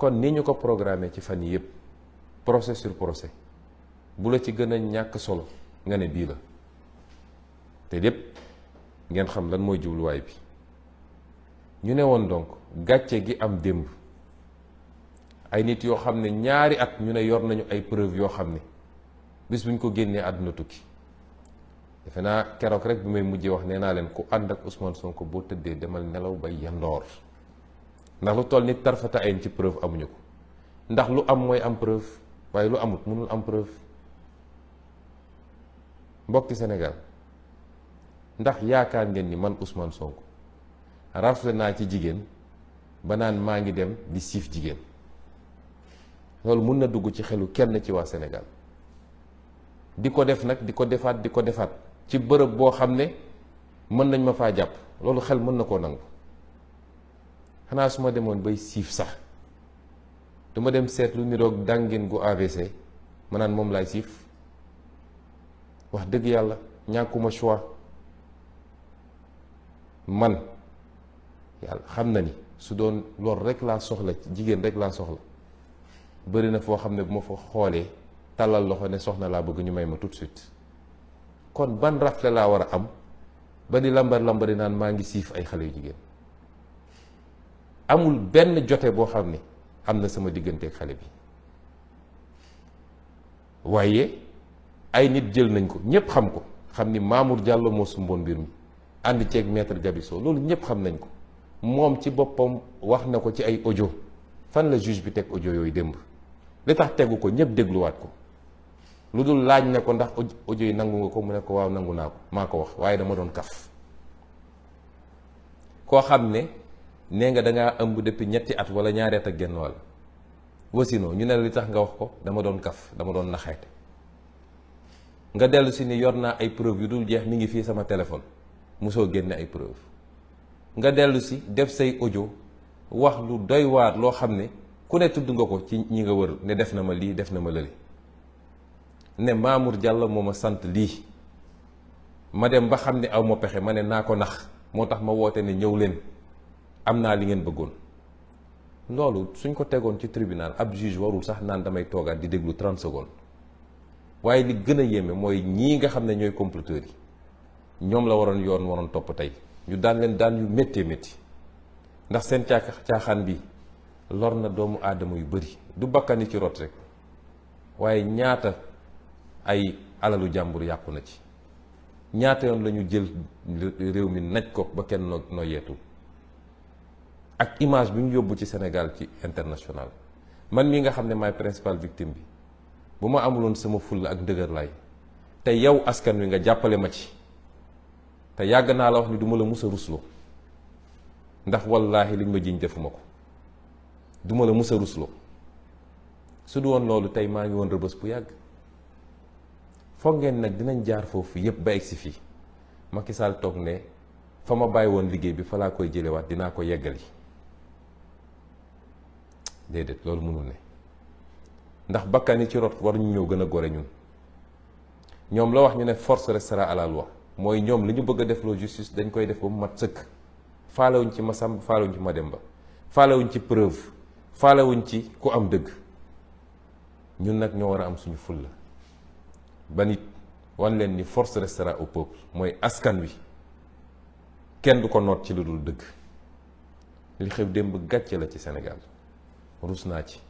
kon ni ñu ko programmé ci fan yi yëpp procès sur procès bu la ci gën a ñàkk solo nga ne bii la te lépp ngeen xam lan mooy jubluwaay bi ñu ne woon donc gàcce gi am démb ay nit yoo xam ne ñaari at ñu ne yor nañu ay preuve yoo xam ne bis buñ ko génnee àdduna tukki defe naa keroog rek bi may mujjee wax nee naa leen ku ànd ak Ousmane Sonko boo tëddee demal nelaw ba yandoor ndax lu toll ni tarfata ayn ci preuve amuñu ko ndax lu am mooy am preuve waaye lu amut mënul am preuve mbokki Sénégal ndax yaakaar ngeen ni man Ousmane Sonko rafle naa ci jigéen ba naan maa ngi dem di siif jigéen loolu mun na dugg ci xelu kenn ci waa senegal di ko def nag di ko defaat di ko defaat ci bërëb boo xam ne mën nañ ma faa jàpp loolu xel mën na koo nangu xanaa su ma demoon bay siif sax du dem seetlu niroog dàngin gu AVC ma naan moom laay siif wax dëgg yàlla ñàkkuma choix man yàlla xam na ni su doon lor rek laa soxla jigéen rek laa soxla bëri na foo xam ne bu ma fa xoolee tàllal loxo ne soxna laa bëgg ñu may ma tout suite kon ban rafle laa war a am ba di lambar lambari naan maa ngi siif ay xale yu jigéen amul benn jote boo xam ne am na sama digganteeg xale bi waaye ay nit jël nañ ko ñëpp xam ko xam ni Mamour Diallo moo sumboon mbir mi ànd ceeg maître Gabiso loolu ñëpp xam nañ ko moom ci boppam wax na ko ci ay audio fan la juge bi teg audio yooyu démb li tax tegu ko ñëpp dégluwaat ko lu dul laaj na ko ndax ojo yi nangu nga ko mu ne ko waaw nangu naa ko maa ko wax waaye dama doon kaf koo xam ne nee nga da ngaa ëmb depuis ñetti at wala ñaari at ak genn wàll wasino ñu ne la li tax nga wax ko dama doon kaf dama doon naxet nga dellu si ni yor naa ay preuve yu dul jeex mi ngi fii sama téléphone musoo génne ay preuve nga dellu si def say ojo wax lu doy waar loo xam ne ku ne tudd nga ko ci ñi nga wër ne def na ma lii def na ma lële ne Mamour Diallo moo ma sant lii ma dem ba xam ne aw ma pexe ma ne naa ko nax moo tax ma woote ne ñëw leen am naa li ngeen bëggoon loolu suñ ko tegoon ci tribunal ab juge warul sax naan damay toogaat di déglu 30 secondes waaye li gën a yéeme mooy ñii nga xam ne ñooy comploteurs yi ñoom la waroon yoon waroon topp tey ñu daan leen daan yu méttee métti ndax seen caaxaan bi lor na doomu aadama yu bari du bakkan yi ci rot rek waaye ñaata ay alalu jàmbur yàqu na ci ñaata yoon lañu jël réew mi naj ko ba kenn noo noo yeetul ak image bi ñu yóbbu ci senegal ci international man mii nga xam ne maay principal victime bi bu ma amuloon sama fulla ak ndëgër laay te yow askan wi nga jàppale ma ci te yàgg naa la wax ni du ma la mus a rusloo ndax wallaahi liñ ma jiñ defuma ko du ma a rusloo su du woon loolu tey maa ngi woon rëbës bu yàgg foog ngeen nag dinañ jaar foofu yépp ba egsi fii Macky Sall toog ne fa ma bàyyi woon liggéey bi fa laa koy jëlewaat dinaa ko yeggali déedéet loolu mënul ne ndax bakkan yi ci rot war ñu ñëw gën a gore ñun ñoom la wax ñu ne force restera à la mooy ñoom li ñu bëgg a def loo justice dañ koy def ba mu mat sëkk faalewuñ ci Masamba ñu ci Mademba faalewuñ ci preuve faalewuñ ci ku am dëgg ñun nag ñoo war a am suñu fulla ba nit wan leen ni force restera au peuple mooy askan wi kenn du ko noot ci lu dul dëgg li xew démb gàcce la ci senegal rus naa ci